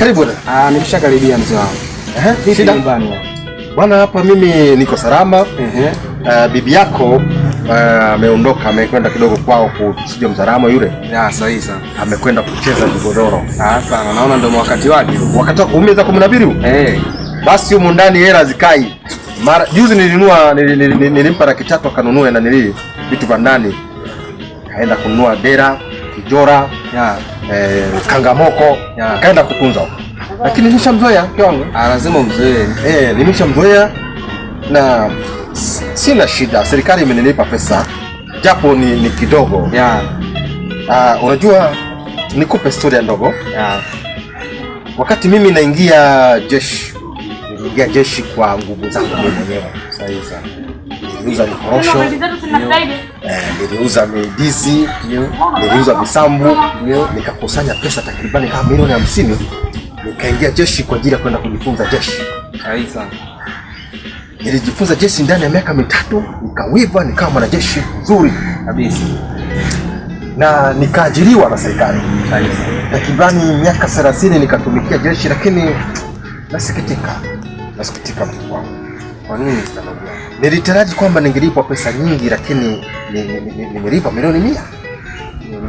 Karibu na. Ah, nimesha karibia mzee wangu. Eh, vipi nyumbani? Bwana hapa mimi niko salama. Eh, uh, bibi yako eh, ameondoka, uh, amekwenda kidogo kwao kuchuja mzaramo yule. Ah, sahihi sana. Amekwenda kucheza vigodoro. Ah, sana. Naona ndio wakati wake. Wakati wa umeza kumnabiri? na mbili. Eh. Basi humu ndani hela zikai. Mara juzi nilinunua nilimpa nil, nil, nil, nil, laki tatu akanunua na nili vitu vya ndani. Kaenda kununua dera Kijora yeah. eh, Kangamoko yeah. Kaenda kutunza huko, lakini nimeshamzoea mke wangu, ah, lazima umzoee. Eh, nimeshamzoea na sina shida. Serikali imenilipa pesa japo ni, ni kidogo yeah. Uh, unajua nikupe story ndogo yeah. Wakati mimi naingia jeshi, niliingia jeshi kwa nguvu zangu mwenyewe. Sahihi sana Eh, niliuza mikorosho, niliuza ndizi, niliuza misambu, nikakusanya pesa takribani kama milioni hamsini, nikaingia jeshi kwa ajili ya kwenda kujifunza jeshi. Nilijifunza jeshi ndani ya miaka mitatu, nikawiva, nikawa mwanajeshi mzuri kabisa na nikaajiriwa na serikali takribani miaka thelathini nikatumikia jeshi, lakini nasikitika, nasikitika mkuu wangu, kwa nini Nilitaraji kwamba ningelipwa pesa nyingi, lakini nimelipwa milioni mia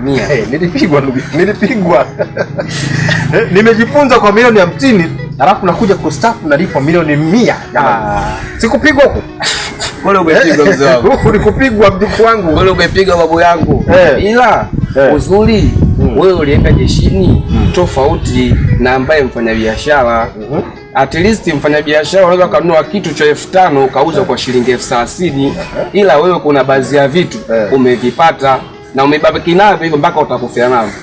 mia. nilipigwa ndugu, nilipigwa nimejifunza kwa milioni hamsini, alafu nakuja kustafu nalipwa milioni mia. Ah. Sikupigwa huku huku nikupigwa mjukuu wangu, wale umepigwa babu yangu, eh. ila eh. uzuri hmm. wewe ulienda jeshini hmm. tofauti na ambaye mfanya biashara mhm at least mfanyabiashara unaweza kununua kitu cha elfu tano ukauza kwa shilingi elfu thelathini ila wewe kuna baadhi ya vitu eh. umevipata na umebaki navyo hivyo mpaka utakufia navyo.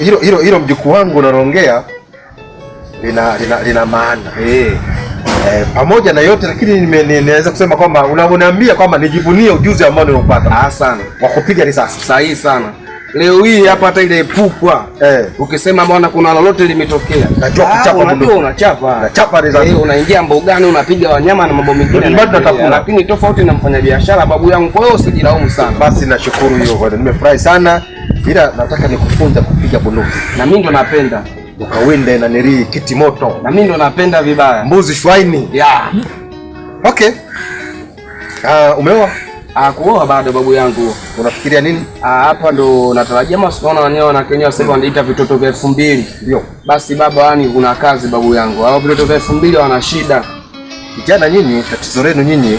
Hilo hilo hilo mjukuu wangu unaloongea lina lina, lina maana hey. Eh. eh, pamoja na yote lakini ninaweza kusema kwamba unaniambia kwamba nijivunie ujuzi ambao nimeupata. Ah sana. Wa kupiga risasi. Sahihi sana. Leo hii hapa hata ile pupwa eh, ukisema bwana kuna lolote limetokea, najua kuchapa ah, unajua unachapa unachapa eh, unaingia mbogani unapiga wanyama na mambo mengine, lakini tofauti na mfanyabiashara babu yangu. Kwa hiyo usijilaumu sana. Basi nashukuru hiyo bwana, nimefurahi sana, ila nataka nikufunza kupiga bunduki, na mimi ndo napenda ukawinde na niri kiti moto, na mimi ndo napenda vibaya mbuzi shwaini. Yeah, okay. Uh, umeoa Ah, kuoa bado babu yangu. Unafikiria nini? Ah, hapa ndo natarajia mama unaona wenyewe na Kenya sasa wanaita vitoto vya 2000. Ndio. Basi baba yani kuna kazi babu yangu. Hao vitoto vya 2000 wana shida. Kijana nyinyi tatizo lenu nyinyi